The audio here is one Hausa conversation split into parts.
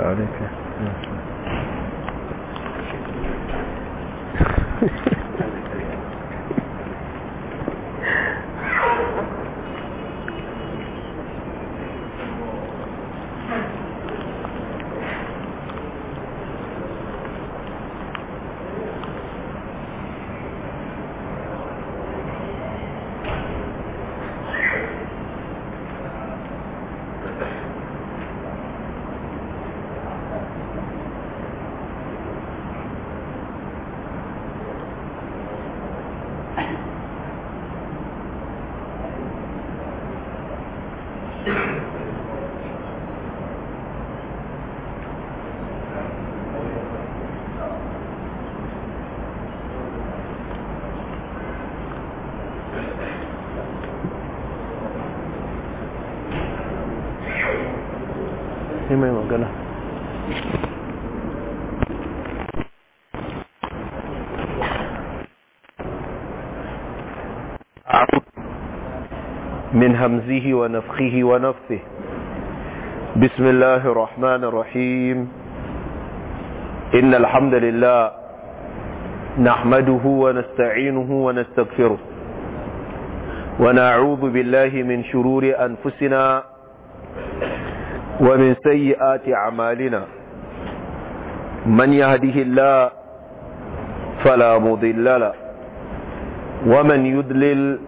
好的，嗯。همزه ونفخه ونفثه بسم الله الرحمن الرحيم إن الحمد لله نحمده ونستعينه ونستغفره ونعوذ بالله من شرور أنفسنا ومن سيئات أعمالنا من يهده الله فلا مضل له ومن يدلل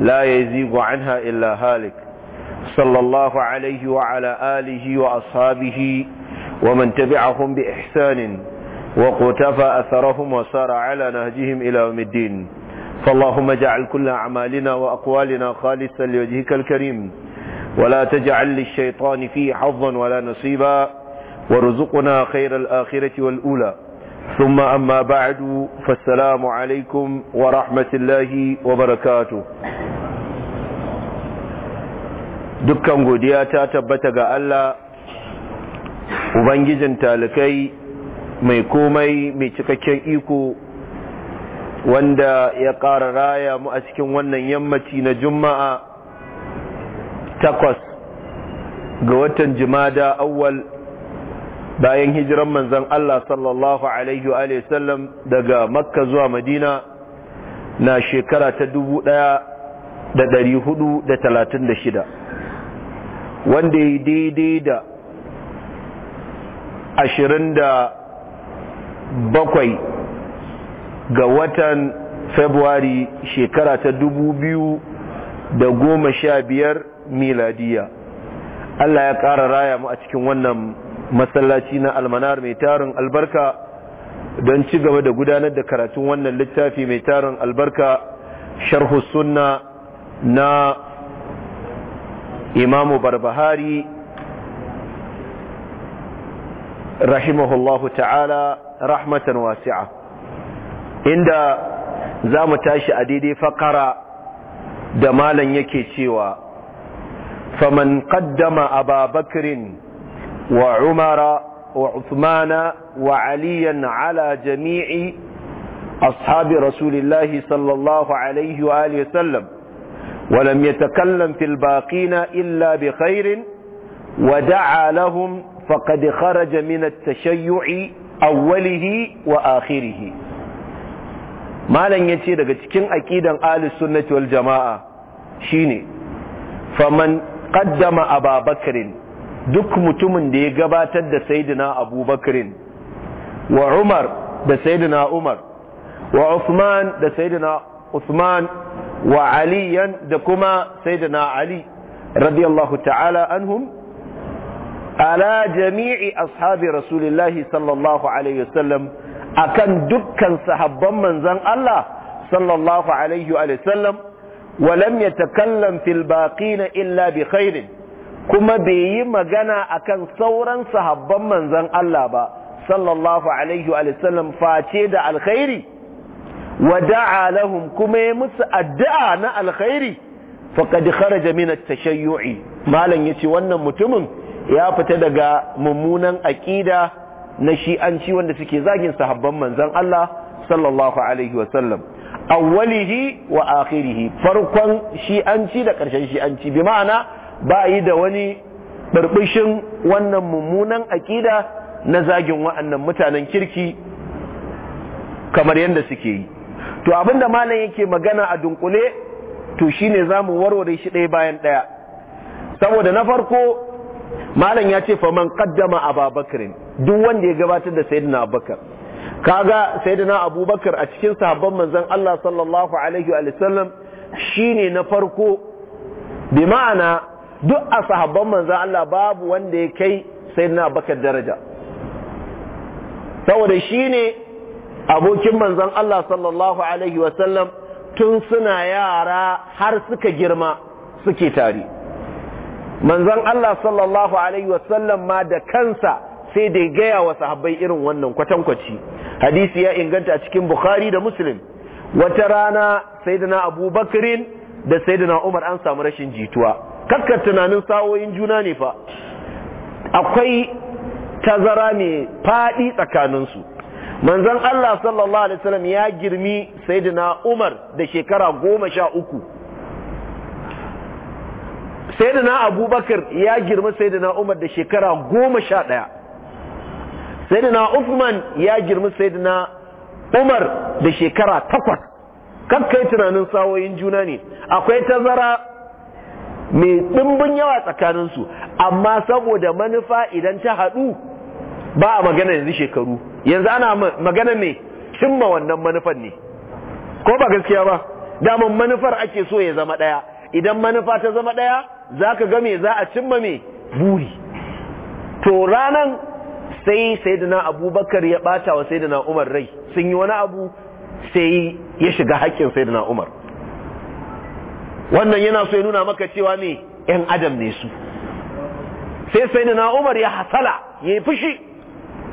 لا يزيغ عنها إلا هالك صلى الله عليه وعلى آله وأصحابه ومن تبعهم بإحسان وقتفى أثرهم وسار على نهجهم إلى يوم الدين فاللهم اجعل كل أعمالنا وأقوالنا خالصا لوجهك الكريم ولا تجعل للشيطان فيه حظا ولا نصيبا وارزقنا خير الآخرة والأولى amma baadu بعد فالسلام wa rahmatullahi wa وبركاته dukkan godiya ta tabbata ga Allah Ubangijin talikai mai komai mai cikakken iko wanda ya ƙara raya mu a cikin wannan yammaci na juma'a takwas ga watan jimada awwal bayan hijiran manzan Allah sallallahu alaihi wa sallam daga makka zuwa madina na shekara ta dubu ɗaya da ɗari hudu da talatin da shida wanda ya daidai da ashirin da bakwai ga watan februari shekara ta dubu biyu da goma sha biyar miladiya Allah ya ƙara raya mu a cikin wannan masallaci na almanar mai tarin albarka don ci gaba da gudanar da karatun wannan littafi mai tarin albarka sharhu sunna na imamu barbahari rahimahullahu ta'ala rahmatan wasi'a inda za mu tashi a daidai fakara da malan yake cewa faman qaddama ababakrin وعمر وعثمان وعليا على جميع أصحاب رسول الله صلى الله عليه وآله وسلم ولم يتكلم في الباقين إلا بخير ودعا لهم فقد خرج من التشيع أوله وآخره ما لن يتشير كن أكيدا آل السنة والجماعة شيني فمن قدم أبا بكر duk mutumin da ya gabatar da sayyidina abubakarin wa umar da sayyidina umar wa usman da sayyidina usman wa aliyan da kuma sayyidina ali radiyallahu ta'ala anhum ala jami'i ashabi rasulillahi sallallahu alaihi wasallam akan dukkan sahabban manzan Allah sallallahu alaihi wa sallam wa lam yatakallam fil baqina illa bi khairin kuma bai yi magana akan sauran sahabban manzan Allah ba sallallahu alaihi wa sallam face da alkhairi wa da'a lahum kuma ya musu addu'a na alkhairi faqad kharaja min at-tashayyu'i malan yace wannan mutumin ya fita daga mummunan aqida na shi'anci wanda suke zagin sahabban manzan Allah sallallahu alaihi wa sallam awwalihi wa akhirihi farkon shi'anci da karshen shi'anci bi ma'ana ba a yi da wani burbushin wannan mummunan aƙida na zagin wa'annan mutanen kirki kamar yadda suke yi to abinda malam yake magana a dunkule to shine zamu warware shi ɗaya bayan ɗaya saboda na farko malam ya ce faman qaddama ababakar duk wanda ya gabatar da sayyidina abubakar kaga sayyidina abubakar a cikin sahabban manzon Allah sallallahu alaihi wa sallam shine na farko bi ma'ana duk a sahabban manzan Allah babu wanda ya kai sai na bakar daraja saboda shi ne abokin manzan Allah sallallahu Alaihi wasallam tun suna yara har suka girma suke tare manzan Allah sallallahu Alaihi wasallam ma da kansa sai da gaya wa sahabbai irin wannan kwatankwaci hadisi ya inganta a cikin Bukhari da Muslim wata rana sai da na Abu da sai da na Umar an samu rashin jituwa Kakkar tunanin sawoyin juna ne fa akwai tazara ne faɗi tsakaninsu manzon Allah sallallahu alaihi wasallam ya girmi sayyidina Umar da shekara goma sha uku sayyidina Abubakar ya girmi sayyidina Umar da shekara goma sha ɗaya sayyidina Uthman ya girmi sayyidina Umar da shekara takwas kakkai tunanin sawoyin juna ne akwai tazara mai ɗimbin yawa tsakaninsu amma saboda manufa idan ta haɗu ba a magana yanzu shekaru yanzu ana magana mai cimma wannan manufan ne ko ba gaskiya ba damar manufar ake so ya zama ɗaya idan manufa ta zama ɗaya za ka ga me za a cimma mai buri to ranan sai saidina abubakar ya ɓata wa sayyidina umar rai sun yi wani abu sai ya shiga haƙƙin saidina umar wannan yana so ya nuna maka cewa ne ‘yan adam ne su sai sai na umar ya hasala ya yi fushi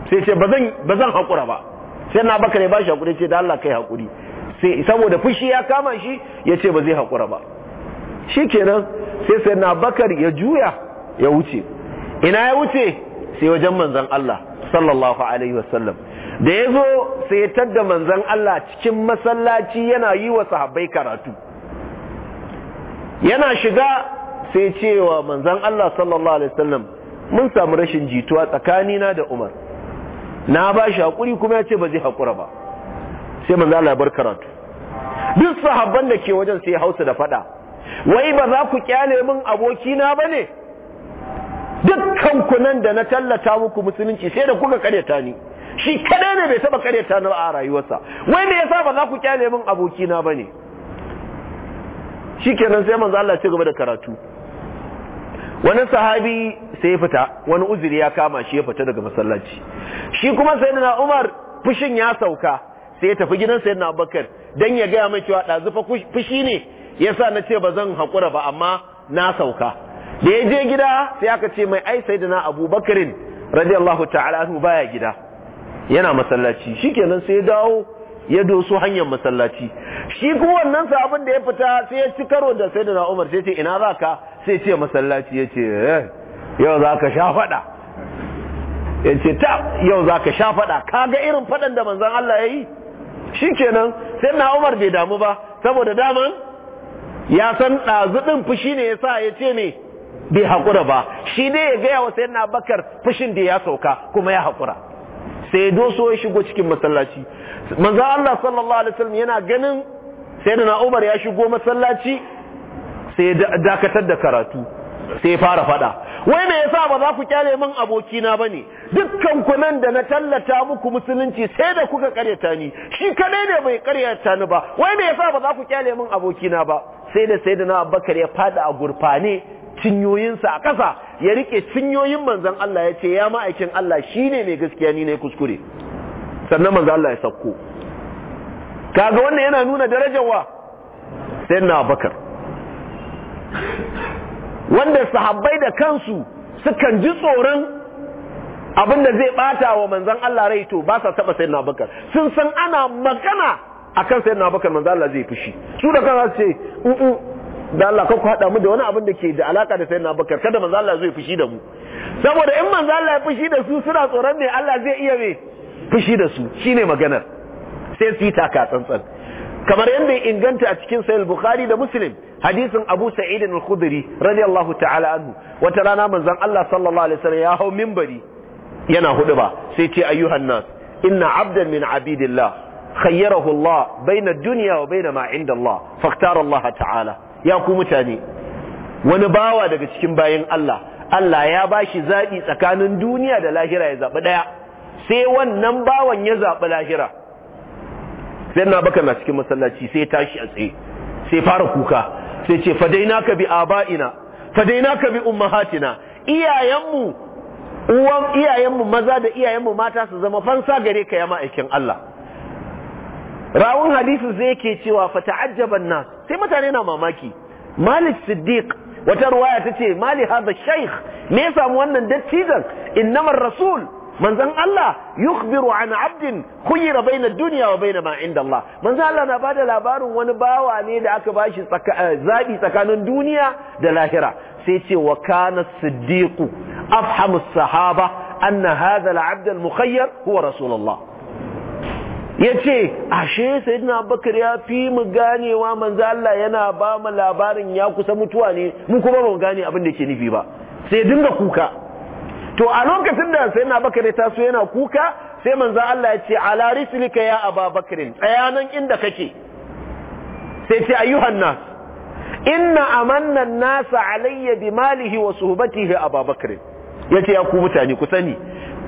sai ce ba zan haƙura ba sai na baka ne ba shi haƙuri ce da Allah kai haƙuri sai saboda fushi ya kama shi ya ce ba zai haƙura ba shi kenan sai sai na bakar ya juya ya wuce ina ya wuce sai wajen manzan Allah sallallahu alaihi wasallam da ya zo sai ya tadda manzan Allah cikin masallaci yana yi wa sahabbai karatu yana shiga sai cewa manzan Allah sallallahu alaihi wasallam mun samu rashin jituwa tsakanina da Umar na ba shi hakuri kuma ya ce ba zai haƙura ba sai manzan Allah bar karatu duk sahabban da ke wajen sai hausa da faɗa wai ba za ku kyale min abokina ba ne dukkan kunan da na tallata muku musulunci sai da kuka karyata ni shi kadai ne bai taba karyata na a rayuwarsa wai me yasa ba za ku kyale min abokina ba ne shi kenan sai manzo Allah ce gaba da karatu wani sahabi sai ya fita wani uzuri ya kama shi ya fita daga masallaci shi kuma sayyidina Umar fushin ya sauka sai ya tafi gidan sayyidina Abubakar dan ya ga mai cewa dazu fa fushi ne yasa na ce bazan hakura ba amma na sauka da ya je gida sai aka ce mai ai sayyidina Abubakarin radiyallahu ta'ala anhu baya gida yana masallaci shikenan sai ya dawo ya doso hanyar masallaci shi ku wannan abin da ya fita sai ya ci karo da sai da umar sai ce ina za ka sai ce masallaci ya ce eh, yau za ka sha faɗa ya ce ta yau za ka sha faɗa ka ga irin faɗan da manzan Allah ya yi shi kenan sai na umar bai damu ba saboda daman ya san ɗazuɗin fushi ne ya sa ya ce ne bai haƙura ba shi ne ya gaya wa sai na bakar fushin da ya sauka kuma ya haƙura sai doso ya shigo cikin masallaci manzo Allah sallallahu alaihi wasallam yana ganin sayyidina Umar ya shigo masallaci sai dakatar da karatu sai fara fada wai me yasa ba za ku kyale min abokina bane dukkan ku nan da na tallata muku musulunci sai da kuka karyata ni shi kadai ne bai karyata ni ba wai me yasa ba za ku kyale min abokina ba sai da sayyidina Abubakar ya fada a gurfane cinyoyinsa a ƙasa ya rike cinyoyin manzan Allah ya ce ya ma'aikin Allah shi ne mai gaskiya ni na ne kuskure sannan manzan Allah ya sauko kaga wannan yana nuna darajar wa na bakar? wanda sahabbai da kansu sukan ji tsoron abin da zai bata wa manzan Allah rai to ba sa taba na bakar? sun san ana magana a kan akan na bakar manzan Allah zai fushi su da kan ce da Allah ka ku haɗa mu da wani abin da ke da alaƙa da sayyidina Abubakar kada manzo Allah zai fushi da mu saboda in manzo Allah ya fushi da su suna tsoron ne Allah zai iya me fushi da su shine maganar sai su yi taka tsantsan kamar yadda ya inganta a cikin sahih bukhari da muslim hadisin abu sa'id al-khudri radiyallahu ta'ala anhu wata rana manzon Allah sallallahu alaihi wasallam ya hau minbari yana huduba sai ce ayyuhan nas inna abdan min abidillah khayyarahu Allah baina ad-dunya wa baina ma 'inda Allah faqtara Allah ta'ala ya ku mutane wani bawa daga cikin bayan Allah Allah ya bashi zaɓi tsakanin duniya da lahira ya zaɓi ɗaya sai wannan bawan ya zaɓi lahira sai na baka na cikin masallaci sai tashi a tsaye sai fara kuka sai ce fadaina ka bi aba'ina fadaina ka bi ummahatina iyayenmu uwan iyayenmu maza da iyayenmu mata su zama fansa gare ka ya ma'aikin Allah rawun hadisi zai ke cewa fa ta'ajjaban nas sai mutane na mamaki malik siddiq wata ruwaya tace mali haza shaykh me ya samu wannan dattijan innamar rasul manzon Allah yukhbiru an abdin khuyira baina dunya wa baina ma inda Allah manzon Allah na bada labarin wani bawa ne da aka bashi eh, zabi tsakanin duniya da lahira sai ce wa kana siddiq afhamu sahaba anna hadha al-abd al-mukhayyar huwa rasulullah ya ce ashe sayyidina abubakar ya fi mu ganewa manzo Allah yana ba mu labarin ya kusa mutuwa ne mun kuma ba mu gane abin da yake nufi ba sai dinga kuka to a lokacin da na abubakar ya taso yana kuka sai manzo Allah ya ce ala rislika ya ababakar tsaya nan inda kake sai ce ayyuhan nas inna amanna an-nas alayya bi malihi wa suhbatihi ababakar yace ya ku mutane ku sani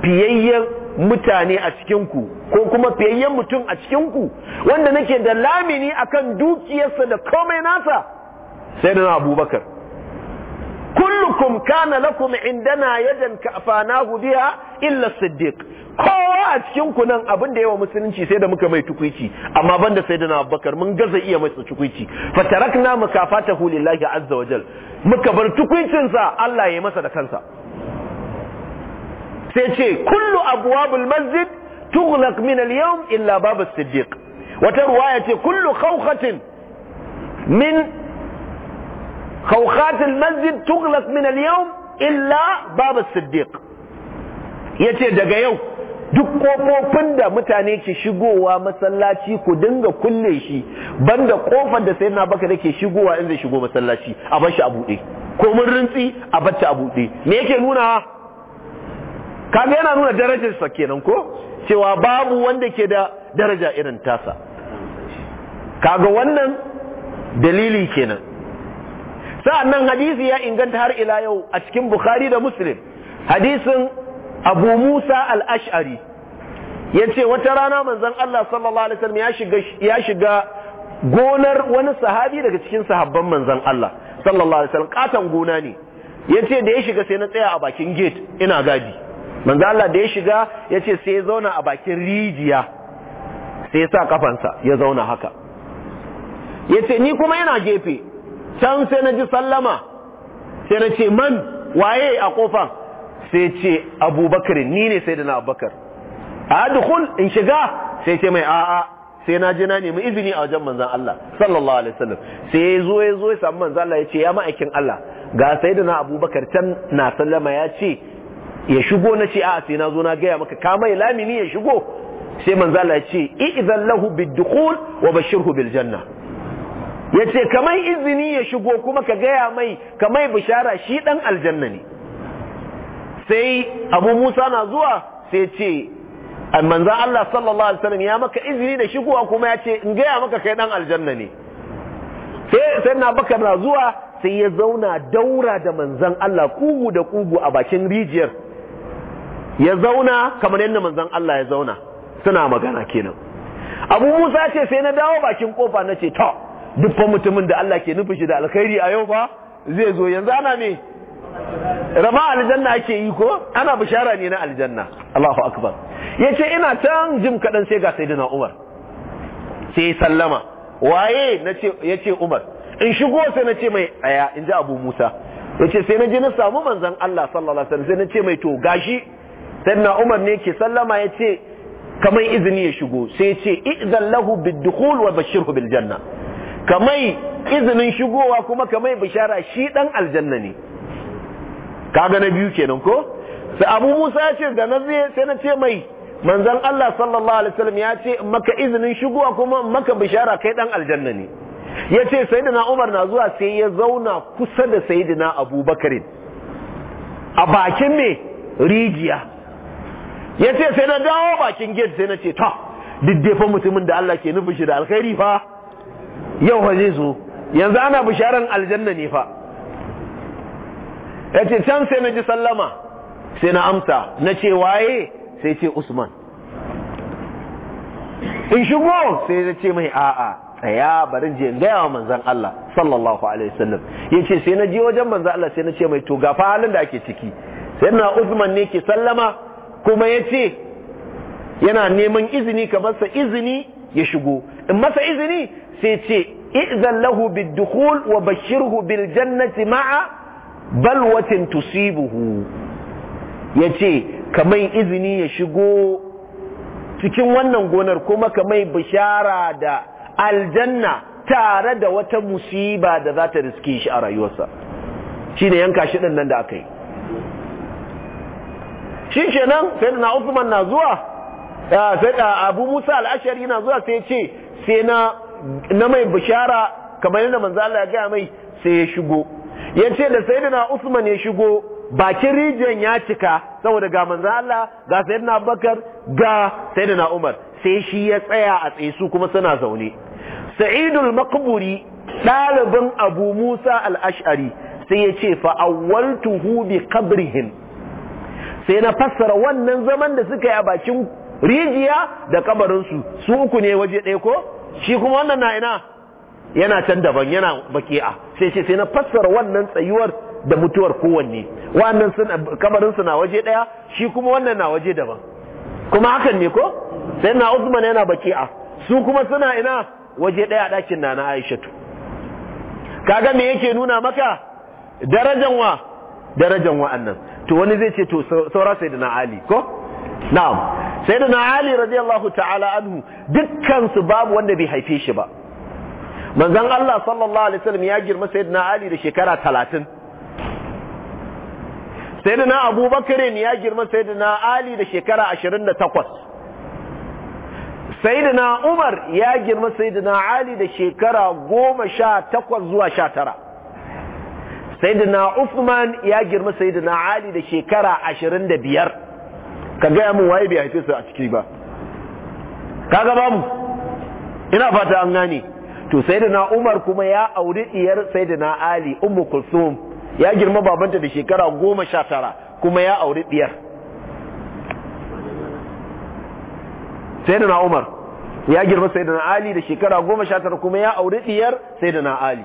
fiyayyen mutane a cikinku ko kuma fiyayyen mutum a cikinku wanda nake da lamini akan dukiyarsa da komai nasa sai da abubakar kullukum kana lakum indana yadan kafanahu biha illa siddiq kowa a cikinku nan abin da yawa musulunci sai da muka mai tukuici amma banda sai da na abubakar mun gaza iya mai tukuici fatarakna mukafatahu lillahi azza wajal muka bar tukuicinsa Allah ya yi masa da kansa sai ce kullu abwabul masjid tughlaq min al-yawm illa bab as-siddiq wata ruwaya ce kullu khawqatin min khawqat al-masjid tughlaq min al-yawm illa bab as-siddiq yace daga yau duk kofofin da mutane ke shigowa masallaci ku dinga kulle shi banda kofar da sayyidina bakar ke shigowa in zai shigo masallaci a bar shi a bude ko mun rintsi a bar ta a buɗe me yake nuna kaga yana nuna darajarsa kenan ko cewa babu wanda ke da daraja irin tasa kaga wannan dalili kenan sa'annan hadisi ya inganta har ila yau a cikin bukhari da muslim hadisin abu musa al'ash'ari ya ce wata rana manzon allah sallallahu alaihi wasallam ya shiga gonar wani sahabi daga cikin sahabban manzon allah sallallahu alaihi wasallam katon gona ne ya ce da ya shiga sai na tsaya a bakin gate ina gadi manzo Allah da ya shiga yace sai ya zauna a bakin rijiya sai ya sa kafansa ya zauna haka Yace ni kuma yana gefe can sai na ji sallama sai na ce man waye a kofan sai ce abubakar ni ne sai da na abubakar a in shiga sai ce mai a'a sai na je na nemi izini a wajen manzan Allah sallallahu alaihi wasallam sai ya zo ya zo ya samu manzan Allah ya ce ya ma'aikin Allah ga sai da na abubakar can na sallama ya ce ya shigo na ce a sai na zo na gaya maka ka mai lamini ya shigo sai manzo Allah ya ce idan lahu bidukhul wa bashirhu bil janna yace kamar izini ya shigo kuma ka gaya mai kamar bishara shi dan aljanna ne sai Abu Musa na zuwa sai ce manzo Allah sallallahu alaihi wasallam ya maka izini da shigowa kuma ya ce in gaya maka kai dan aljanna ne sai sai na bakar na zuwa sai ya zauna daura da manzon Allah kugu da kugu a bakin rijiyar ya zauna kamar yadda manzon Allah ya zauna suna magana kenan Abu Musa ce sai na dawo bakin kofa na ce ta. dukkan mutumin da Allah ke nufi shi da alkhairi a yau ba zai zo yanzu ana ne rama aljanna ake yi ko ana bishara ne na aljanna Allahu akbar yace ina can jim kadan sai ga sayyidina Umar sai sallama waye nace yace Umar in shigo sai nace mai aya inji Abu Musa yace sai naje na samu manzon Allah sallallahu alaihi wasallam sai nace mai to gashi na umar ne ke sallama ya ce kamar izini ya shigo sai ya ce izan lahu biddukhul wa bashirhu bil janna kamai izinin shigowa kuma kamai bishara shi dan aljanna ne kaga na biyu kenan ko sai abu musa ya ce da na zai sai na ce mai manzon Allah sallallahu alaihi wasallam ya ce maka izinin shigowa kuma maka bishara kai dan aljanna ne ya ce sayyidina umar na zuwa sai ya zauna kusa da sayyidina abubakar a bakin me rijiya ya ce sai na dawo bakin gate sai na ce ta diddefa mutumin da Allah ke nufin shi da alkhairi fa yau fa zai zo yanzu ana bisharan aljanna ne fa ya ce can sai na ji sallama sai na amsa na ce waye sai ce usman in shigo sai ya ce mai a'a tsaya barin je gaya wa manzan Allah sallallahu alaihi wasallam yace sai na ji wajen manzan Allah sai na ce mai to ga fa halin da ake ciki sai na usman ne ke sallama kuma ya ce yana neman izini ka masa izini ya shigo in masa izini sai ce izan lahu biddukhul wa bashirhu bil jannati ma'a balwatin tusibuhu ya ce kamai izini ya shigo cikin wannan gonar kuma kamai bishara da aljanna tare da wata musiba da za ta riske shi a rayuwarsa shi ne yanka shi nan da aka yi shi nan sai na na zuwa sai Abu Musa al'ashari na zuwa sai ce sai na mai bishara kamar yadda manzo Allah ya gaya mai sai ya shigo yace da sayyidina Usman ya shigo bakin rijiyar ya cika saboda ga manzo Allah ga sayyidina Abubakar ga sayyidina Umar sai shi ya tsaya a tsaye su kuma suna zaune Sa'idul Maqburi ɗalibin Abu Musa al sai ya ce fa awwaltuhu bi qabrihim sai na fassara wannan zaman da suka yi a bakin rijiya da kabarinsu su uku ne waje ɗaya ko shi kuma wannan na ina yana can daban yana baki'a sai ce sai na fassara wannan tsayuwar da mutuwar kowanne wannan sun kabarinsu na waje ɗaya shi kuma wannan na waje daban kuma hakan ne ko sai na Usman yana baki'a su kuma suna ina waje ɗaya ɗakin na na Aishatu kaga me yake nuna maka darajan wa darajan wa'annan to wani zai ce to saura sayyidina ali ko na'am sayyidina ali radiyallahu ta'ala anhu dukkan babu wanda bai haife shi ba manzon Allah sallallahu alaihi wasallam ya girma sayyidina ali da shekara talatin. sayyidina abubakar ne ya girma sayyidina ali da shekara ashirin da takwas. sayyidina umar ya girma sayyidina ali da shekara goma sha takwas zuwa sha tara. sayyidina Uthman ya girma sayyidina Ali da shekara 25 ka gaya mu waye bai haife su a ciki ba kaga mu ina fata an gane to sayyidina Umar kuma ya auri diyar sayyidina Ali Ummu Kulsum ya girma babanta da shekara 19 kuma ya auri diyar sayyidina Umar ya girma sayyidina Ali da shekara 19 kuma ya auri diyar sayyidina Ali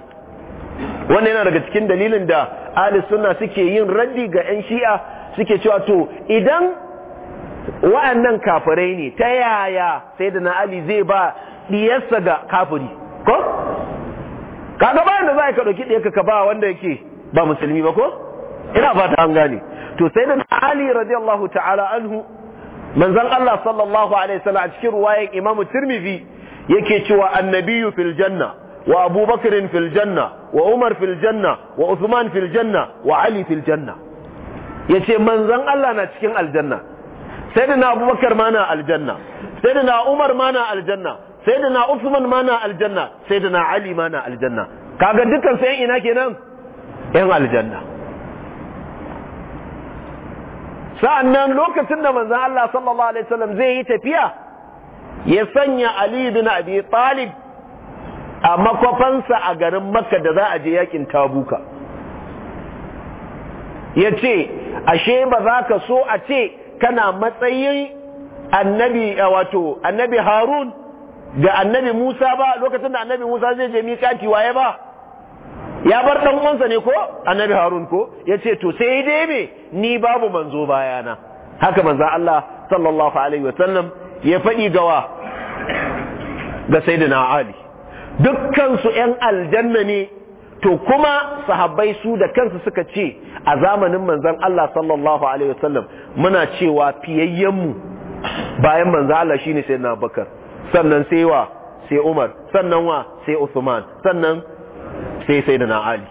wannan yana daga cikin dalilin da ahli sunna suke yin raddi ga yan shi'a suke cewa to idan wa'annan kafirai ne ta yaya sai da ali zai ba diyarsa ga kafiri ko kaga bayan da za ka dauki ɗaya ka ba wanda yake ba musulmi ba ko ina ba an gane to sai sayyidina ali radiyallahu ta'ala anhu manzon Allah sallallahu alaihi wasallam a cikin ruwayar Imam turmifi yake cewa annabiyu fil janna wa Abu Bakr fil janna wa Umar fil janna wa Uthman fil janna wa Ali fil janna yace manzon Allah na cikin aljanna sayyidina Abu Bakr ma na aljanna sayyidina Umar ma na aljanna sayyidina Uthman ma na aljanna sayyidina Ali ma na aljanna kaga dukan ina kenan yan aljanna sa'annan lokacin da manzon Allah sallallahu alaihi wasallam zai yi tafiya ya sanya Ali bin Abi Talib a makwafansa a garin makka da za a je yakin tabuka ya ce ashe ba za ka so a ce kana matsayin annabi wato annabi harun da annabi musa ba lokacin da annabi musa zai je miƙati waye ba ya bar ɗan uwansa ne ko annabi harun ko ya ce to sai dai me ni babu manzo bayana haka manzo Allah sallallahu alaihi wasallam ya faɗi gawa ga sayyidina ali dukkansu 'yan aljanna ne to kuma sahabbai su da kansu suka ce a zamanin manzan Allah sallallahu alaihi wasallam muna cewa fiyayyenmu bayan manzan Allah shine sai na bakar sannan sai wa sai Umar sannan wa sai Uthman sannan sai sai Ali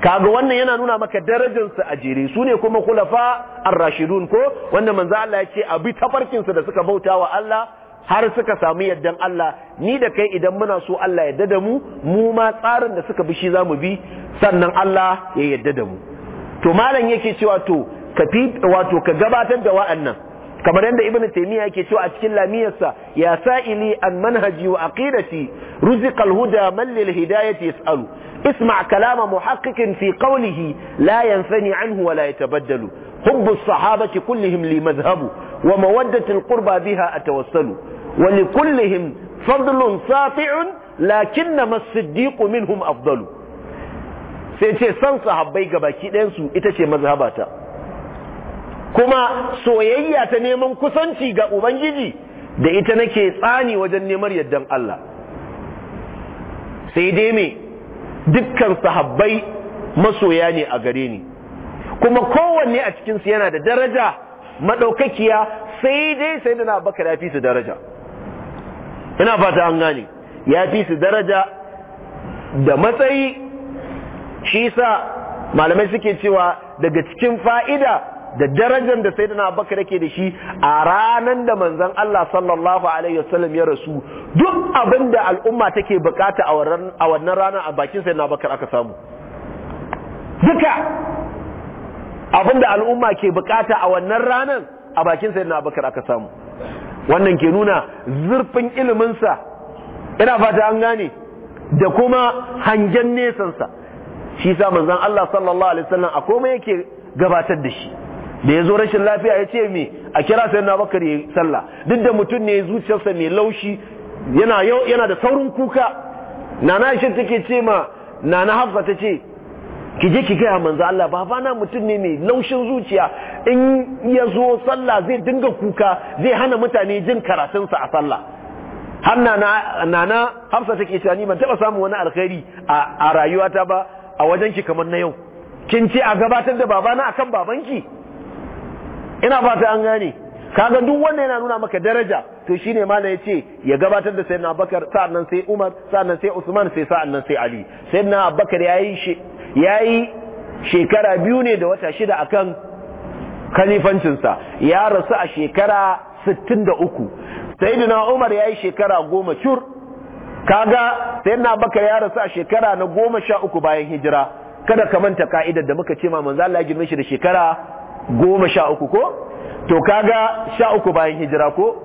kaga wannan yana nuna maka darajarsu a jere su ne kuma kulafa ar-rashidun ko wanda manzo Allah ya ce abi tafarkinsu da suka bauta wa Allah har suka samu yaddan Allah ni da kai idan muna so Allah yadda da mu mu ma tsarin da suka bi shi mu bi sannan Allah ya yadda da mu to malam yake cewa to ka wato ka gabatar da wa'annan kamar yadda ibnu taymiya yake cewa a cikin lamiyarsa ya sa'ili an manhaji wa aqidati ruziqal huda man lil hidayati yas'alu isma' kalama muhaqqiqin fi qawlihi la yanfani anhu wa la حب الصحابة كلهم لي مذهب ومودة القربى بها أتوسل ولكلهم فضل ساطع لكنما الصديق منهم أفضل سيتي سن صحابي baki ɗayansu ita ce mazhabata kuma soyayya ta neman kusanci ga ubangiji da ita nake tsani wajen neman yardan Allah sai dai me dukkan sahabbai masoya ne a gare ni kuma kowanne a cikinsu yana da daraja maɗaukakiya sai dai sai da na bakar ya fi su daraja ina fata an gane ya fi su daraja da matsayi shi sa malamai suke cewa daga cikin fa'ida da darajar da sai da na bakar yake da shi a ranar da manzan Allah sallallahu Alaihi wasallam ya rasu duk abin da al'umma take bukata a wannan ranar a bakin sai na bakar aka samu duka da al'umma ke bukata a wannan ranar a bakin sayyidina abubakar aka samu wannan ke nuna zurfin iliminsa ina fata an gane da kuma hangen nesansa shi sa manzon Allah sallallahu alaihi wasallam a komai yake gabatar da shi da ya zo rashin lafiya ya ce me a kira Sayyidina na bakar ya sallah duk da mutum ne zuciyarsa mai laushi yana da saurin kuka nana shi take ce ma nana hafsa ta ce ki je ki gaya manzo Allah babana mutum ne mai laushin zuciya in ya zo sallah zai dinga kuka zai hana mutane jin karatunsa a sallah har nana hafsa take cewa ni ban taba samu wani alkhairi a rayuwata ba a wajen ki kamar na yau kin ce a gabatar da babana akan babanki ina fata an gane kaga duk wannan yana nuna maka daraja to shine mala yace ya gabatar da sayyidina Abubakar sa'annan sai Umar sa'annan sai Usman sai sa'annan sai Ali sayyidina Abubakar yayi shi ya yi shekara biyu ne da wata shida a kan kalifancinsa ya rasu a shekara 63 saidina umar ya yi shekara goma cur kaga na bakar ya rasu a shekara na goma sha uku bayan hijira kada ka manta ka'idar da muka ce ma manzan lagin mashi da shekara goma sha uku ko to kaga sha uku bayan hijira ko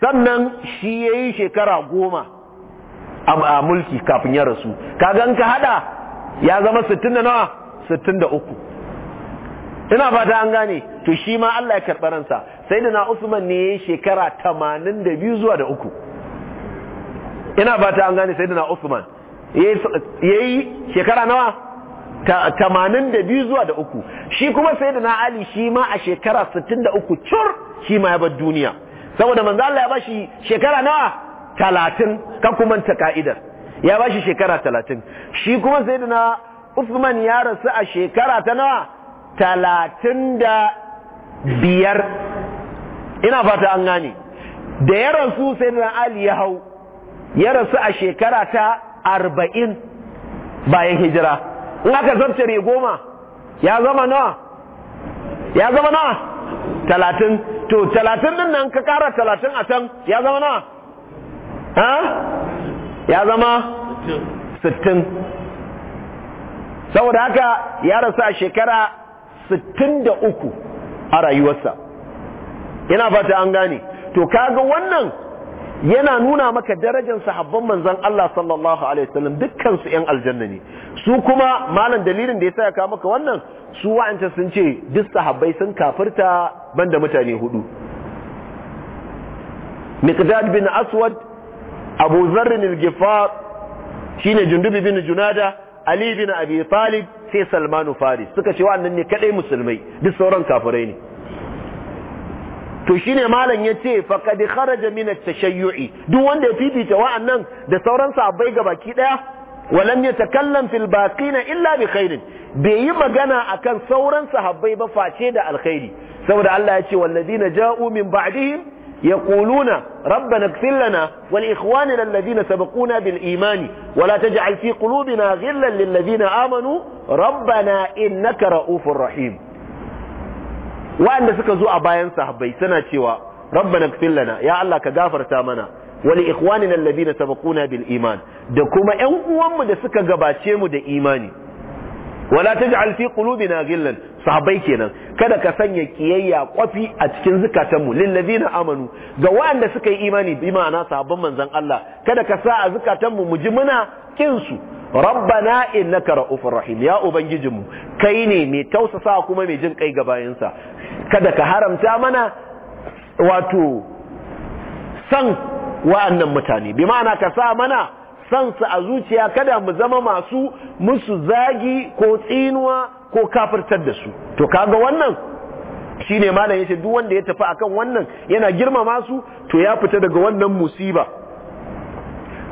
sannan shi ya yi shekara goma a mulki kafin ya rasu kaga ka hada ya zama sittin da nawa sittin da uku ina fata an gane to shi ma Allah ya karɓar ransa Sayyidina Usman ne shekara tamanin da biyu zuwa da uku ina fata an gane Sayyidina Usman ya yi shekara nawa tamanin da biyu zuwa da uku shi kuma sai da na Ali shi ma a shekara sittin da uku cur shi ma ya bar duniya saboda manzo Allah ya bashi shekara nawa talatin kan kuma ta ka'idar ya ba shi shekara talatin shi kuma na usman ya rasu a shekara ta nawa talatin da biyar ina fata an gane da ya rasu da Ali ya hau ya rasu a shekara ta arba'in bayan hijira in aka zartare goma ya zama nawa ya zama nawa talatin to talatin nan ka kara talatin a can ya zama nawa ha ya zama sittin saboda haka ya rasu a shekara sittin da uku a rayuwarsa yana fata an gane to kaga wannan yana nuna maka darajar sahabban manzon Allah sallallahu alaihi wasallam dukkan su ƴan aljanna ne su kuma malam dalilin da yasa ya kawo maka wannan su wa'anta sun ce duk sahabbai sun kafirta banda mutane hudu Miqdad bin Aswad abu zarrin al-gifar shine jundubi bin junada ali bin abi talib sai salmanu faris suka ce wa'annan ne kadai musulmai duk sauran kafirai ne to shine malam ce faqad kharaja haraja mina tashayyui duk wanda ya fifita wa'annan da sauran sahabbai baki daya walam kallon fil na illa bi khairin bai yi magana akan sauran sahabbai ba face da alkhairi saboda Allah ya ce walladina ja'u min ba'dihim يقولون ربنا اغفر لنا ولإخواننا الذين سبقونا بالإيمان ولا تجعل في قلوبنا غلا للذين آمنوا ربنا إنك رؤوف رحيم وأن سكزوا أبايا صحبي سنا شوى ربنا اغفر لنا يا الله كغافر تامنا ولإخواننا الذين سبقونا بالإيمان دكما أنقوام دسك قباتيم دا إيماني wala taj'al fi qulubina ghillan sahabbai kenan kada ka sanya kiyayya kwafi a cikin zukatanmu lil na amanu ga wanda suka yi imani bi ma'ana sahabban manzon Allah kada ka sa a zukatanmu mu ji muna kin su rabbana innaka ra'ufur rahim ya ubangijinmu kai ne mai tausasa kuma mai jin kai ga bayansa kada ka haramta mana wato san wa'annan mutane bi ma'ana ka sa mana san su a zuciya kada mu zama masu musu zagi ko tsinuwa ko kafirtar da su to kaga wannan shine malam yace duk wanda ya tafi akan wannan yana girmama su to ya fita daga wannan musiba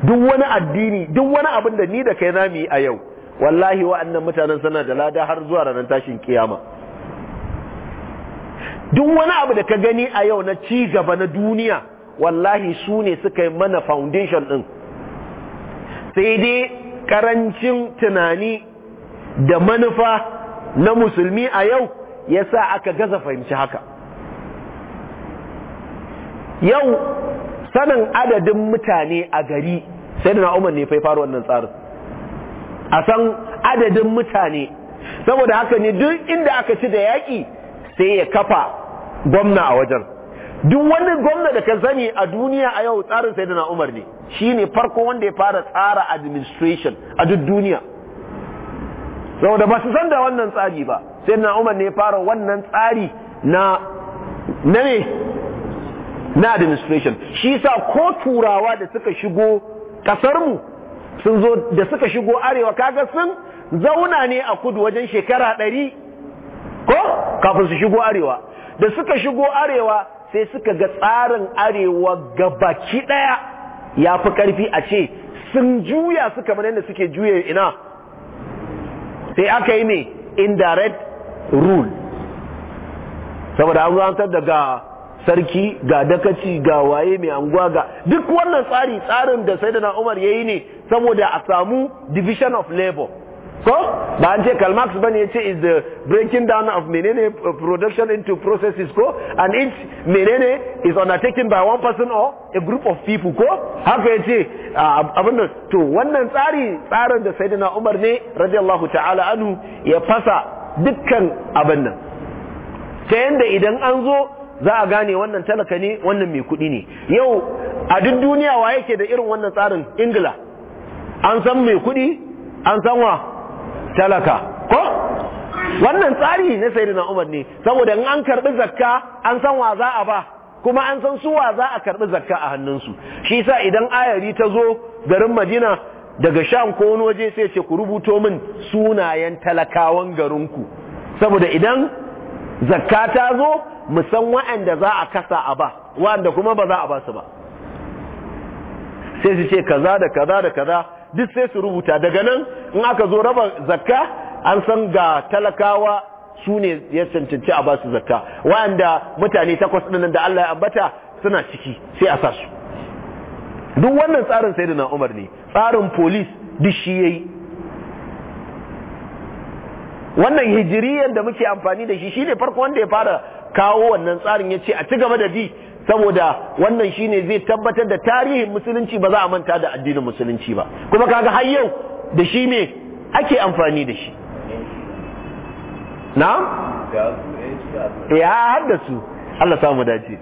duk wani addini duk wani abin da ni da kai zamu yi a yau wallahi wa'annan mutanen sana da lada har zuwa ranar tashin kiyama duk wani abu da ka gani a yau na ci gaba na duniya wallahi su ne suka yi mana foundation din sai dai karancin tunani da manufa na musulmi a yau ya sa aka gaza fahimci haka yau sanin adadin mutane a gari sai da na'umar ne fai faru wannan tsarin a san adadin mutane saboda haka ne duk inda aka ci da yaƙi sai ya kafa gwamna a wajen duk wani gwamna da ka sani a duniya a yau tsarin sai na umar ne shi ne farko wanda ya fara tsara administration a duk duniya saboda ba su san da wannan tsari ba sai na umar ne ya fara wannan tsari na na na administration shi sa ko turawa da suka shigo kasarmu sun zo da suka shigo arewa kaga sun zauna ne a kudu wajen shekara ɗari ko kafin su shigo arewa da suka shigo arewa sai suka ga tsarin arewa ga baki ɗaya ya fi ƙarfi a ce sun juya su kamar yadda suke juya ina sai aka yi ne indirect rule saboda an zantar daga sarki ga dakaci ga waye mai anguwa ga duk wannan tsari tsarin da sai da na umar ya yi ne saboda a samu division of labor ko ba an ce Karl Marx bane ya ce is the breaking down of menene uh, production into processes ko and each menene is undertaken by one person or a group of people ko haka ya ce uh, abinda to wannan tsari tsarin da saidina Umar ne radiyallahu ta'ala anu ya fasa dukkan abin nan ta yanda idan an zo za a gane wannan talaka ne wannan mai kuɗi ne yau a duk duniya wa yake da irin wannan tsarin Ingila an san mai kuɗi an san wa talaka ko wannan tsari na sayyidina Umar ne saboda in an karbi zakka an san wa za a ba kuma an san su wa za a karbi zakka a hannunsu shi yasa idan ayari ta zo garin Madina daga Sham ko wani waje sai ce ku rubuto min sunayen talakawan garin ku saboda idan zakka ta zo mu san wa'anda za a kasa a ba wa'anda kuma ba za a ba su ba sai su ce kaza da kaza da kaza duk sai su rubuta daga nan in aka zo raba zakka an san ga talakawa su ne ya cancanci a basu zakka wa'anda mutane takwas ɗin da Allah ya ambata suna ciki sai a sa duk wannan tsarin sai na umar ne tsarin polis duk shi ya yi wannan hijiriyar da muke amfani da shi shi ne farko wanda ya fara kawo wannan tsarin ya ce a ci gaba da bi saboda wannan shine zai tabbatar da tarihin musulunci ba za a manta da addinin musulunci ba kuma kaga har yau da shi ne ake amfani da shi na? ya eh, haddasu Allah samu dace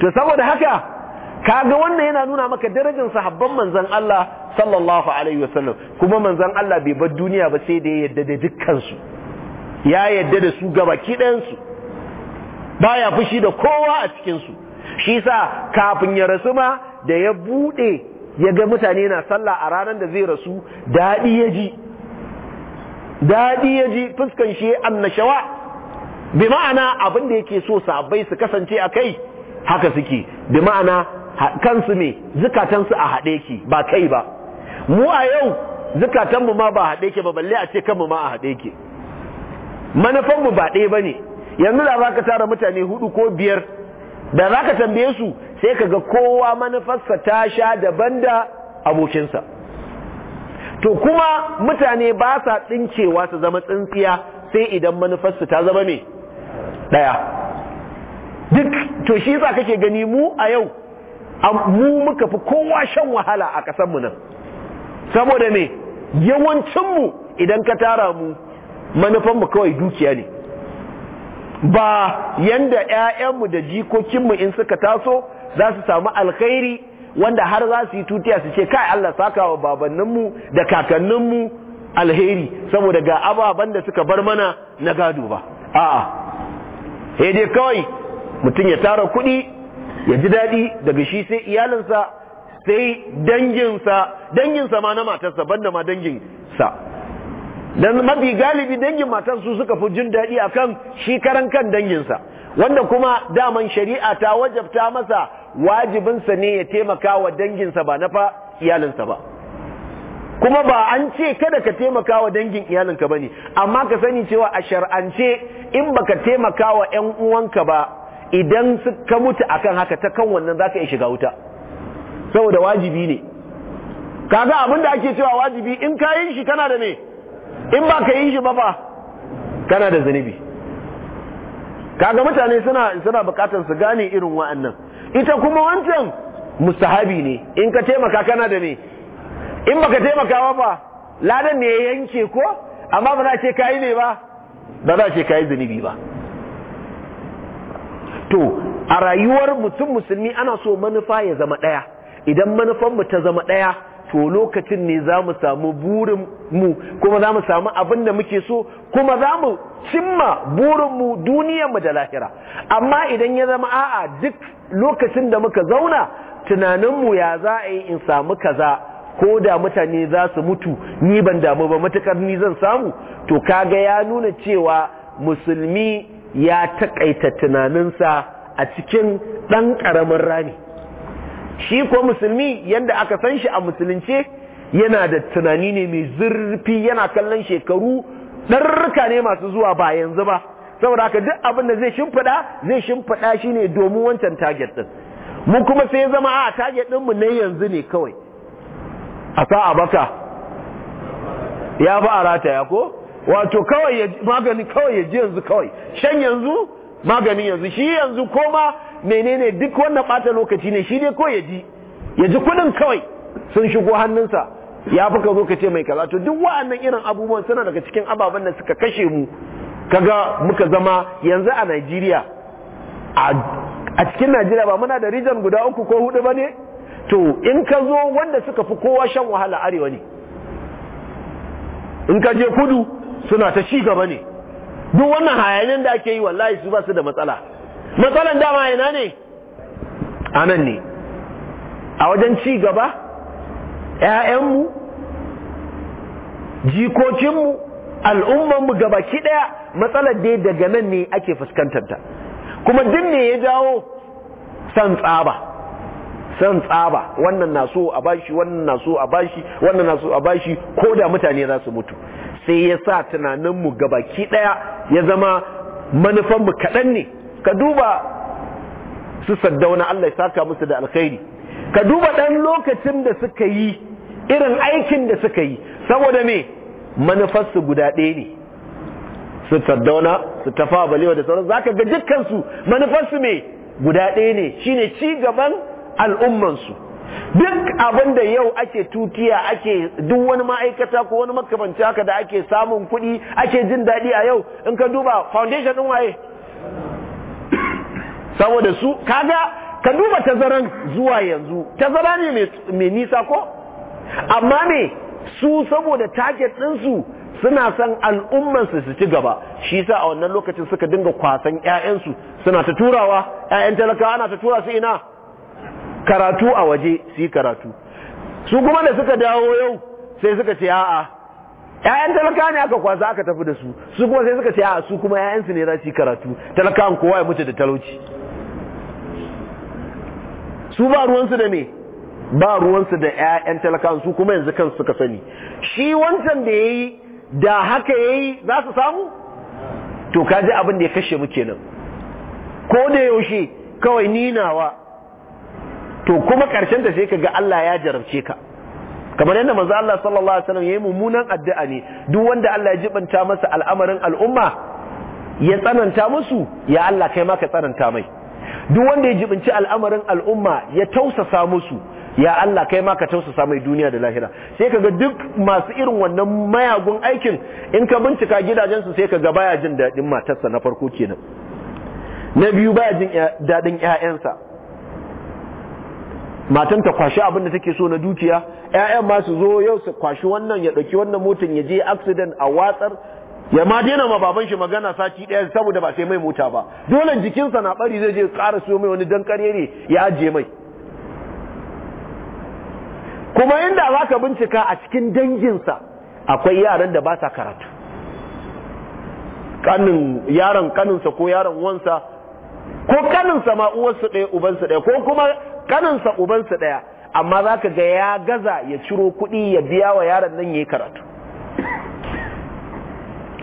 to saboda haka kaga wannan yana nuna maka darajar sahabban manzon Allah sallallahu alaihi wasallam kuma manzon Allah bai bar duniya ba sai da ya yarda da dukkan su ya yarda da su gabaki ɗayan su baya fushi da kowa a cikin su shi sa kafin ya rasu ma da ya bude ya ga mutane na sallah a ranar da zai rasu daɗi ya ji daɗi ya ji fuskan shi annashawa bi ma'ana abin da yake so sabai su kasance a kai haka suke bi ma'ana kansu ne zukatansu a haɗe ki ba kai ba mu a yau zukatanmu ma ba haɗe ke ba balle a ce kanmu ma a haɗe ke manufanmu ba ɗaya ba ne yanzu da za ka tara mutane hudu ko biyar da za ka tambaye su sai ka ga kowa manufarsa ta sha daban da abokinsa to kuma mutane ba sa tsincewa su zama tsintsiya sai idan manufarsa ta zama ne ɗaya duk to shi yasa kake gani mu a yau mu muka fi kowa shan wahala a kasanmu nan saboda mai yawancinmu idan ka tara mu manufanmu kawai dukiya ne ba yanda ƴaƴanmu da jikokinmu in suka taso za su samu alkhairi wanda har za su yi tutiya su ce kai Allah saka wa babanninmu da kakanninmu alheri saboda ga ababen da suka bar mana na gado ba a'a he dai kawai mutum ya tara kuɗi ya ji daɗi daga shi sai iyalinsa sai danginsa danginsa ma na matarsa banda ma dangin sa dan mafi galibi dangin matan su suka fi jin daɗi akan shi karan kan danginsa wanda kuma daman shari'a ta wajabta masa wajibinsa ne ya taimaka wa danginsa ba na fa iyalinsa ba kuma ba an ce kada ka taimaka wa dangin iyalinka ba ne amma ka sani cewa a shar'ance in baka taimaka wa 'yan uwanka ba idan ka mutu akan haka ta kan wannan za ka iya shiga wuta saboda wajibi ne kaga abin da ake cewa wajibi in ka shi kana da me in ba ka yi shi ba ba kana da zunubi kaga mutane suna suna bukatar su gane irin wa'annan ita kuma wancan musahabi ne in ka taimaka kana da me in baka taimaka ba ba ladan ne ya yanke ko amma ba za ce kai ne ba ba za ce kai zunubi ba to a rayuwar mutum musulmi ana so manufa ya zama daya idan manufar mu ta zama daya to lokacin ne za mu samu burin mu kuma za mu samu abin da muke so kuma za mu cimma burin mu duniyar mu da lahira amma idan ya zama a'a duk lokacin da muka zauna tunaninmu mu ya za a yi in samu kaza ko da mutane za su mutu ni ban damu ba matukar ni zan samu to kaga ya nuna cewa musulmi ya takaita tunaninsa a cikin ɗan ƙaramin rami shi ko musulmi yadda aka san shi a musulunce yana da tunani ne mai zurfi yana kallon shekaru ɗarruka ne masu zuwa ba yanzu ba saboda haka duk abin da zai shimfiɗa zai shimfiɗa shi ne domin wancan target ɗin mu kuma sai zama a target ɗinmu na yanzu ne kawai a sa a baka ya fi a rataya ko wato kawai magani kawai ya ji yanzu kawai shan yanzu maganin yanzu shi yanzu koma menene duk wannan bata lokaci ne shi dai ko ya ji ya ji kudin kawai sun shigo hannunsa ya fi ka zo ka ce mai kaza to duk wa'annan irin abubuwan suna daga cikin ababen da suka kashe mu kaga muka zama yanzu a Najeriya a cikin Najeriya ba muna da region guda uku ko hudu ne to in ka zo wanda suka fi kowa shan wahala arewa ne in ka je kudu suna ta ci gaba ne duk wannan hayanin da ake yi wallahi su ba su da matsala matsalan dama ina ne a nan ne a wajen ci gaba ‘ya'yanmu jikokinmu al'ummanmu gaba ki ɗaya matsalar dai daga nan ne ake fuskantarta kuma duk ne ya jawo san tsaba san tsaba wannan na so a bashi wannan na so a bashi wannan na so a bashi ko da mutane za su mutu sai ya sa tunaninmu gaba ki ɗaya ya zama manufanmu kaɗan ne ka duba su saddauna Allah ya saka musu da alkhairi ka duba dan lokacin da suka yi irin aikin da suka yi saboda me manufarsu guda ɗaya ne su saddauna su tafa balewa da sauran zaka ga dukkansu manufarsu me guda ɗaya ne shine ci gaban al'ummansu duk abin da yau ake tutiya ake duk wani ma'aikata ko wani makamanci haka da ake samun kuɗi ake jin daɗi a yau in ka duba foundation ɗin waye saboda su kaga ka duba tazaran zuwa yanzu tazara ne mai nisa ko amma ne su saboda target ɗinsu suna son al'ummansu su ci gaba shi sa a wannan lokacin suka dinga kwasan 'ya'yansu suna ta turawa 'ya'yan talakawa ana ta tura su ina karatu a waje su karatu su kuma da suka dawo yau sai suka ce a'a 'ya'yan talaka ne aka kwasa aka tafi da su su kuma sai suka ce a'a su kuma 'ya'yansu ne za su yi karatu talakan kowa ya mutu da talauci su ba ruwansu da me ba ruwansu da 'ya'yan talakan su kuma yanzu kansu suka sani shi wancan da ya yi da haka ya yi za su samu to kaji abin da ya kashe muke nan, ko da yaushe kawai ninawa to kuma ƙarshen ta sai ka ga Allah ya jarabce ka kamar yadda manzo Allah sallallahu alaihi wasallam yayi mummunan addu'a ne duk wanda Allah ya jibanta masa al'amarin al'umma ya tsananta musu ya Allah kai ma ka tsananta mai duk wanda ya jibinci al'amarin al'umma ya tausasa musu ya Allah kai ma ka tausasa mai duniya da lahira sai kaga duk masu irin wannan mayagun aikin in ka bincika gidajensu sai kaga baya jin daɗin matarsa na farko kenan na biyu baya jin daɗin ƴaƴansa matan ta kwashi abin da take so na dukiya ƴaƴan ma su zo yau su kwashi wannan ya ɗauki wannan motan ya je accident a watsar ya ma daina ma baban shi magana sati daya saboda ba sai mai mota ba dole jikinsa na bari zai je ƙara siyo mai wani dan ne ya ajiye mai kuma inda zaka bincika a cikin danginsa akwai yaran da ba sa karatu kanin yaron kaninsa ko yaron wansa ko kanin sa ma daya uban su daya ko kuma kanin uban su daya amma zaka ga ya gaza ya ciro kuɗi ya biya wa yaron nan ya yi karatu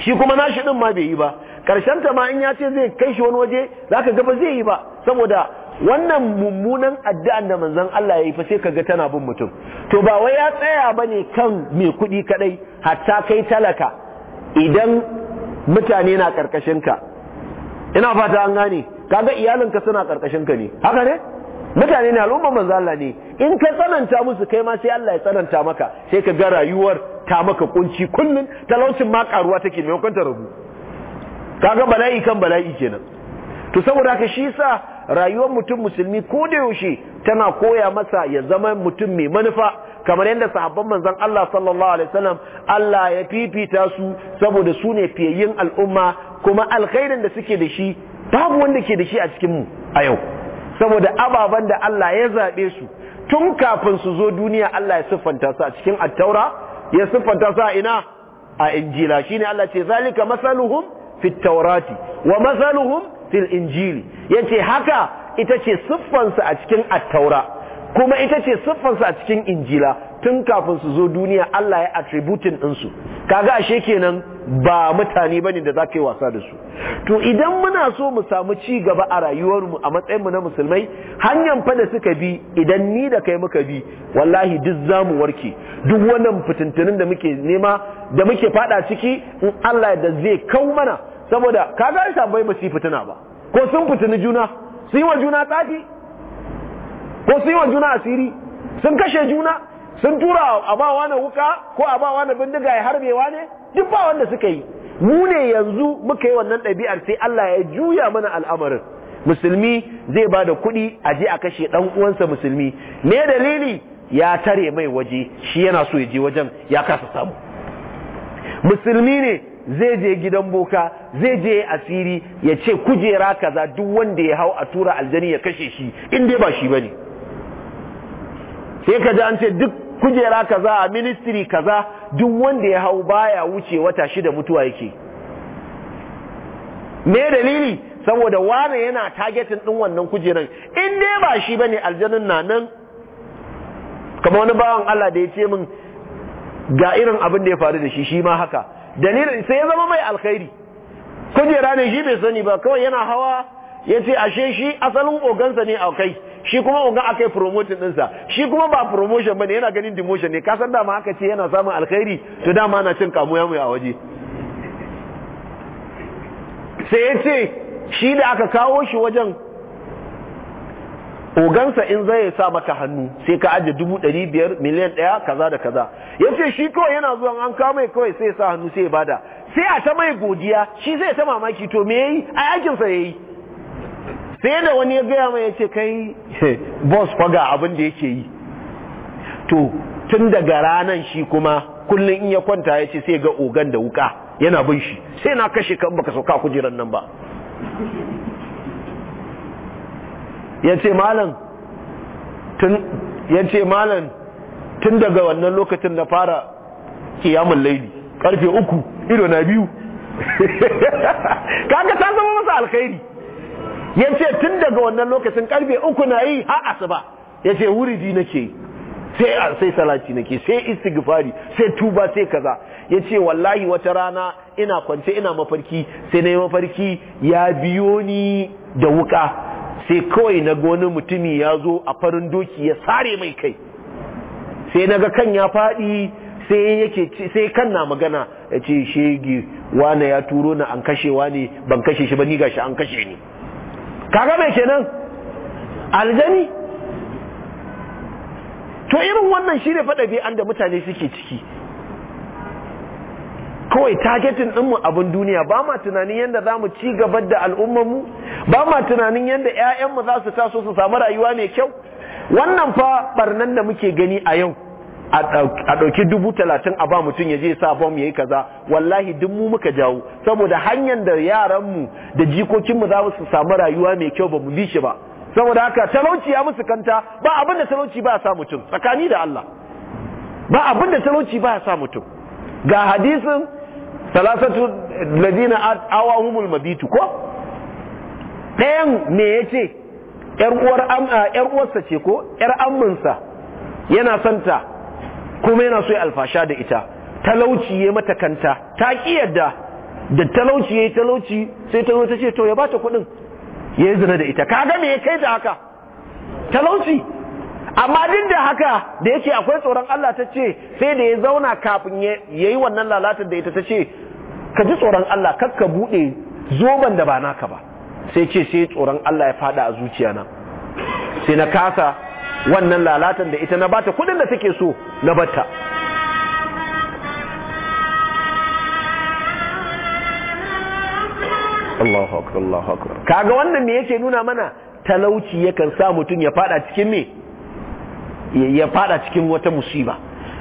shi kuma nashi din ma bai yi ba karshen ta ma in ya ce zai kai shi wani waje zaka ga ba zai yi ba saboda wannan mummunan addu'an da manzon Allah yayi fa sai kaga tana bin mutum to ba wai ya tsaya bane kan mai kuɗi kadai hatta kai talaka idan mutane na karkashin ka ina fata an gane kaga iyalinka suna karkashin ka ne haka ne mutane ne al'umma manzon Allah ne in ka tsananta musu kai ma sai Allah ya tsananta maka sai ka ga rayuwar ta maka kunci kullum talaucin ma karuwa take maimakon ta rabu kaga bala'i kan bala'i kenan to saboda haka shi sa rayuwar mutum musulmi ko da yaushe tana koya masa ya zama mutum mai manufa kamar yadda sahabban manzon Allah sallallahu alaihi wasallam Allah ya fifita su saboda su ne fiyayyin al'umma kuma alkhairin da suke da shi babu wanda ke da shi a cikin mu a yau saboda ababan da Allah ya zabe su tun kafin su zo duniya Allah ya siffanta su a cikin at attaura ya siffanta sa ina a injila shine Allah ce zalika masaluhum fit taurati wa masaluhum fil injili yace haka ita ce siffansa a cikin attaura kuma ita ce siffansa a cikin injila tun kafin su zo duniya Allah ya attributin ɗinsu kaga ashe kenan ba mutane bane da za ka yi wasa da su to idan muna so mu samu ci gaba a rayuwar mu a matsayin mu na musulmai hanyar fa da suka bi idan ni da kai muka bi wallahi duk zamu warke duk wannan fitintunin da muke nema da muke fada ciki in Allah da zai kau mana saboda kaga ga bai ba su fitina ba ko sun fitini juna sun yi wa juna tsafi ko sun yi wa juna asiri sun kashe juna sun tura a ba wani wuka ko a ba wani bindiga ya harbewa ne duk ba wanda suka yi mu ne yanzu muka yi wannan ɗabi'ar sai Allah ya juya mana al'amarin musulmi zai ba da kuɗi a je a kashe ɗan uwansa musulmi me dalili ya tare mai waje shi yana so ya je wajen ya kasa samu musulmi ne zai je gidan boka zai je asiri ya ce kujera kaza duk wanda ya hau a tura aljani ya kashe shi in dai ba shi bane sai ka ji an ce duk kujera kaza a ministry kaza duk wanda ya hau baya wuce wata shida mutuwa yake me dalili saboda wane yana targetin din wannan kujeran in dai ba shi bane aljanun na nan kamar wani bawan Allah da ya ce min ga irin abin da ya faru da shi shi ma haka dalilin sai ya zama mai alkhairi kujera ne shi bai sani ba kawai yana hawa ya ce ashe shi asalin ogansa ne a kai shi kuma ogan aka yi promotion ɗinsa shi kuma ba promotion ba ne yana ganin demotion ne kasan dama aka ce yana samun alkhairi to dama na cin kamuya mai a waje sai ya ce shi da aka kawo shi wajen ogansa in zai sa maka hannu sai ka ajiye dubu ɗari biyar miliyan ɗaya kaza da kaza ya ce shi kawai yana zuwa an kawo mai kawai sai sa hannu sai ya bada sai a ta mai godiya shi zai ta mamaki to me ya yi a yakinsa ya yi sai da wani ya gaya mai ya ce kai boss faga abin da yake yi to tun daga ranar shi kuma kullum in ya kwanta ya ce sai ga ogan da wuka yana bin shi sai na kashe kan baka sauka kujerar nan ba ya ce malam tun daga wannan lokacin na fara kiyamun laili karfe uku ido na biyu kaga ta zama masa alkhairi yace tun daga wannan lokacin karfe uku na yi har asuba yace wuridi nake yi sai ah, sai salati nake sai istighfari sai tuba sai kaza yace wallahi wata rana ina kwance ina mafarki sai na yi mafarki ya biyo ni da wuka sai kawai na wani mutumi ya zo a farin doki ya sare mai kai sai na ga kan ya faɗi sai yake sai kan na magana ya ce shege wane ya turo na an kashewa ne ban kashe shi ba ni gashi an kashe ni kaga mai kenan aljani to irin wannan shi ne faɗaɓe an da mutane suke ciki kawai targetin ɗinmu abin duniya ba ma tunanin yadda za mu ci gaba da al'ummanmu ba ma tunanin yadda 'ya'yanmu za su taso su samu rayuwa mai kyau wannan fa ɓarnan da muke gani a yau a ɗauki dubu talatin a ba mutum ya je sa bom ya yi kaza wallahi duk mu muka jawo saboda hanyar da yaranmu da jikokinmu za su samu rayuwa mai kyau ba mu bi shi ba saboda haka talauci ya musu kanta ba abin da talauci ba sa mutum tsakani da Allah ba abin da talauci ba sa mutum ga hadisin salasatu ladina awahumul mabitu ko ɗayan me yace ce uwar yar uwarsa ce ko yar amminsa yana santa kuma yana so ya alfasha da ita talauci ya mata kanta ta ki yadda da talauci ya talauci sai ta zo ta ce to ya bata kuɗin ya zina da ita kaga me ya kai da haka talauci amma din da haka da yake akwai tsoron Allah ta ce sai da ya zauna kafin ya yi wannan lalatar da ita ta ce ka ji tsoron Allah kar ka buɗe zoban da ba naka ba sai ce sai tsoron Allah ya fada a zuciya zuciyana sai na kasa wannan lalatan da ita na bata kudin da take so na bata Allahu akbar Allahu akbar kaga wannan me yake nuna mana talauci yakan sa mutum ya fada cikin me ya fada cikin wata musiba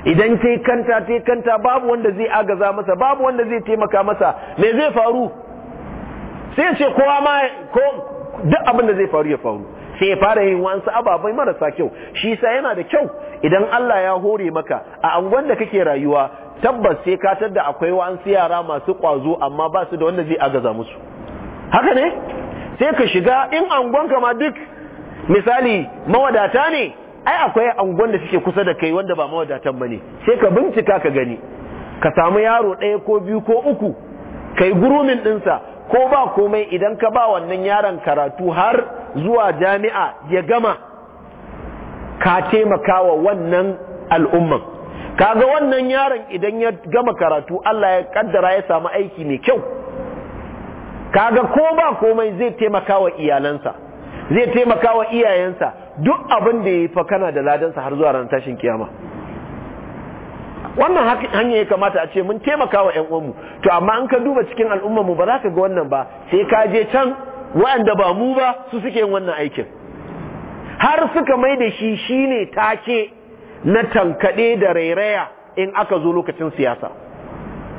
idan yi kanta yi kanta babu wanda zai agaza masa babu wanda zai taimaka masa me zai faru sai ce kowa ma ko duk abin da zai faru ya faru sai ya fara yin wasu ababai marasa kyau shi sa yana da kyau idan Allah ya hore maka a angon da kake rayuwa tabbas sai ka tadda akwai wasu yara masu kwazo amma ba su da wanda zai agaza musu haka ne sai ka shiga in angon ka ma duk misali mawadata ne ai akwai angon da suke kusa da kai wanda ba mawadatan bane sai ka bincika ka gani ka samu yaro ɗaya ko biyu ko uku kai gurumin ɗinsa ko ba komai idan ka ba wannan yaron karatu har zuwa jami'a ya gama ka taimakawa wannan al'umman kaga wannan yaron idan ya gama karatu Allah ya kaddara ya samu aiki mai kyau kaga ko ba komai zai taimakawa iyalansa zai taimakawa iyayensa duk abin da ya fa kana da ladansa har zuwa ran tashin kiyama wannan hanya ya kamata a ce mun taimaka wa uwanmu to amma an ka duba cikin mu ba za ka ga wannan ba sai ka je can waɗanda ba mu ba su suke yin wannan aikin har suka mai da shi shi ne take na tankaɗe da rairaya in aka zo lokacin siyasa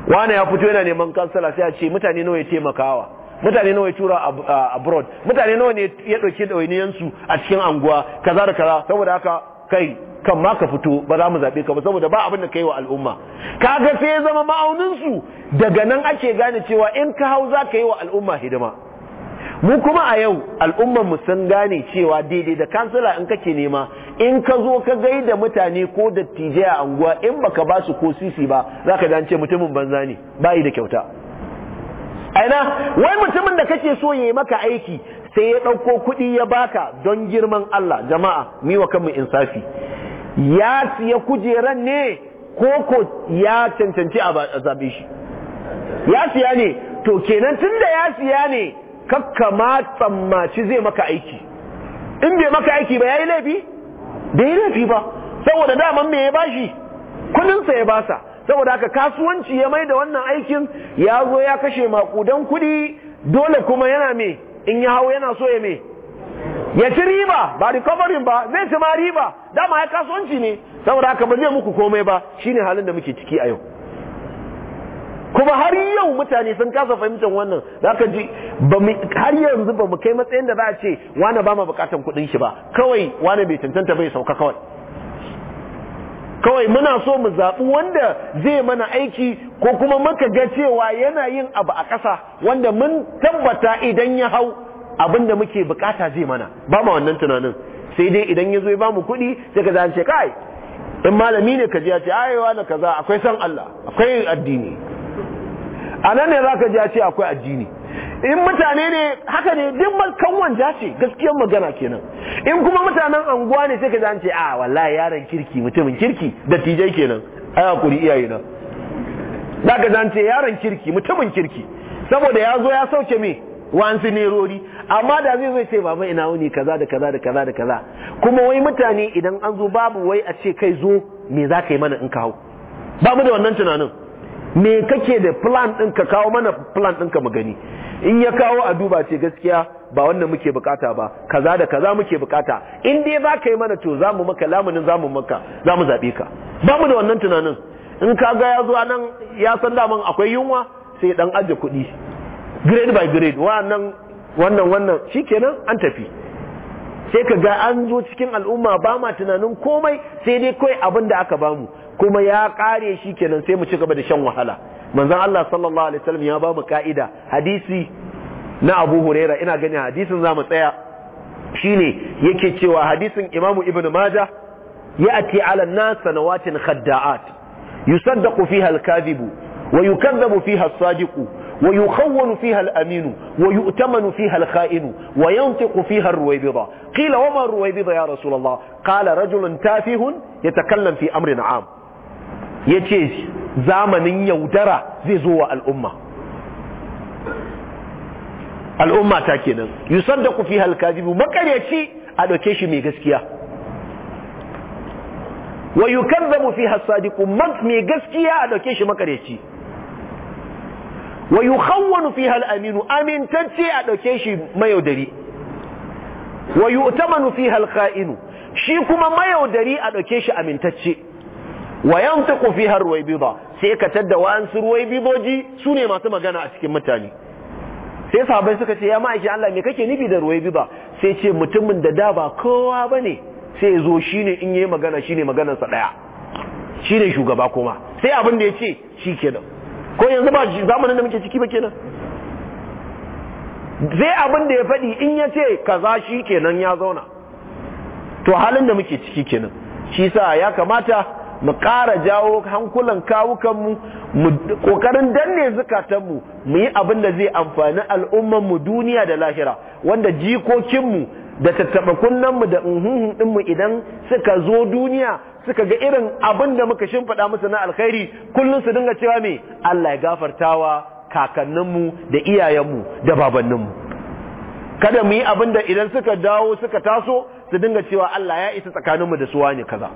wani ya fito yana neman kansala sai a ce mutane nawa ya taimakawa mutane nawa ya tura abroad mutane nawa ne ya ɗauki su a cikin anguwa kaza da kaza saboda haka kai kan ma ka fito ba za mu zaɓe ka ba saboda ba abin da ka wa al'umma kaga sai ya zama ma'aunin su daga nan ake gane cewa in ka hau za ka yi wa al'umma hidima mu kuma a yau al'ummar mu sun gane cewa daidai da kansila in kake nema in ka zo ka gaida mutane ko dattijai a anguwa in baka ba su ko sisi ba za ka an mutumin banza ne bayi da kyauta aina wai mutumin da kake so ya yi maka aiki sai ya ɗauko kuɗi ya baka don girman Allah jama'a mi wa kanmu insafi ya siya kujeran ne ko ko ya cancanci a zabe shi ya siya ne to kenan tunda ya siya ne kakka ma tsammaci zai maka aiki in bai maka aiki ba ya yi laifi bai laifi ba saboda daman mai ya bashi kudin sa ya basa saboda haka kasuwanci ya mai da wannan aikin ya zo ya kashe makudan kudi dole kuma yana me in ya hau yana so ya me ya ci riba ba recovery ba zai ci ma riba dama ya kasuwanci ne saboda haka ba zai muku komai ba shine halin da muke ciki a yau kuma har yau mutane sun kasa fahimtar wannan za ka ji har yanzu ba mu kai matsayin da za a ce wane ba ma bukatan kudin shi ba kawai wane bai cancanta bai sauka kawai kawai muna so mu zaɓi wanda zai mana aiki ko kuma muka ga cewa yana yin abu a ƙasa wanda mun tabbata idan ya hau abin da muke bukata zai mana ba ma wannan tunanin sai dai idan ya zo ya ba mu kuɗi sai ka zance kai in malami ne ka ji ya ce ayewa na kaza akwai san Allah akwai addini a nan ne za ka ji ce akwai addini in mutane ne haka ne duk kan wanda ce gaskiyar magana kenan in kuma mutanen anguwa ne sai ka zan ce a wallahi yaron kirki mutumin kirki da tijai kenan ai hakuri iyaye na za ka zan ce yaron kirki mutumin kirki saboda ya zo ya sauke me wansu nerori amma da zai zai ce baba ina wuni kaza da kaza da kaza da kaza kuma wai mutane idan an zo babu wai a ce kai zo me za ka yi mana in ka hau ba mu da wannan tunanin me kake da plan ɗin ka kawo mana plan ɗin ka magani in ya kawo a duba ce gaskiya ba wannan muke bukata ba kaza da kaza muke bukata in dai za ka yi mana to za mu maka lamunin za maka za mu zaɓe ka ba mu da wannan tunanin in ka ga ya zuwa nan ya san daman akwai yunwa sai dan aje kuɗi grade by grade wannan wannan wannan shikenan an tafi sai ka ga an zo cikin al'umma ba ma tunanin komai sai dai kawai abin da aka bamu kuma ya kare shi kenan sai mu ci gaba da shan wahala manzon Allah sallallahu alaihi wasallam ya ba mu ka'ida hadisi na Abu Huraira ina gani hadisin zamu tsaya shine yake cewa hadisin Imam Ibn Majah ya'ti 'ala an-nas sanawatin khadda'at yusaddaqu fiha al-kadhibu wa yukadhabu fiha as-sadiqu ويخون فيها الأمين ويؤتمن فيها الخائن وينطق فيها الرويبضة قيل وما الرويبضة يا رسول الله قال رجل تافه يتكلم في أمر عام ya ce zamanin yaudara zai zo wa al'umma al'umma ta kenan yusuf da kufi halkajibu makaryaci a ɗauke shi mai gaskiya wa yukazzabu fi hasadiqu mai gaskiya a ɗauke shi makaryaci wa yukhawwanu fiha al amintacce a ɗauke shi mayaudari wa yu'tamanu fiha al-kha'inu shi kuma mayaudari a ɗauke shi amintacce wa yantiqu fiha ruwaybida sai ka tadda wa'ansu ruwaybidoji sune masu magana a cikin mutane sai sahabbai suka ce ya ma'aikin Allah me kake nufi da ruwaybida sai ce mutumin da da ba kowa bane sai ya zo shine in yayi magana shine maganar sa daya shine shugaba kuma sai abin da yace shikenan ko yanzu ba zamanin da muke ciki ba kenan zai abin da ya faɗi in ya ce kaza shi kenan ya zauna to halin da muke ciki kenan shi sa ya kamata mu ƙara jawo hankulan kawukanmu mu ƙoƙarin danne zukatanmu mu yi abin da zai amfani al'ummanmu duniya da lahira wanda jikokinmu da tattaɓa kunnenmu da inhuhun ɗinmu idan suka zo duniya suka ga irin abin da muka shimfiɗa musu na alkhairi kullum su dinga cewa me Allah ya gafartawa kakanninmu da iyayenmu da babanninmu kada mu yi abin da idan suka dawo suka taso su dinga cewa Allah ya isa tsakaninmu da suwa ne kaza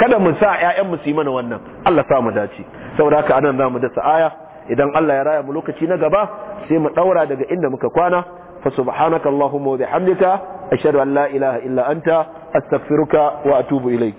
kada mu sa ya'yan mu su mana wannan Allah sa mu dace saboda haka anan zamu dasa aya idan Allah ya raya mu lokaci na gaba sai mu ɗaura daga inda muka kwana fa subhanakallahumma wa bihamdika ashhadu an la ilaha illa anta astaghfiruka wa atubu ilaik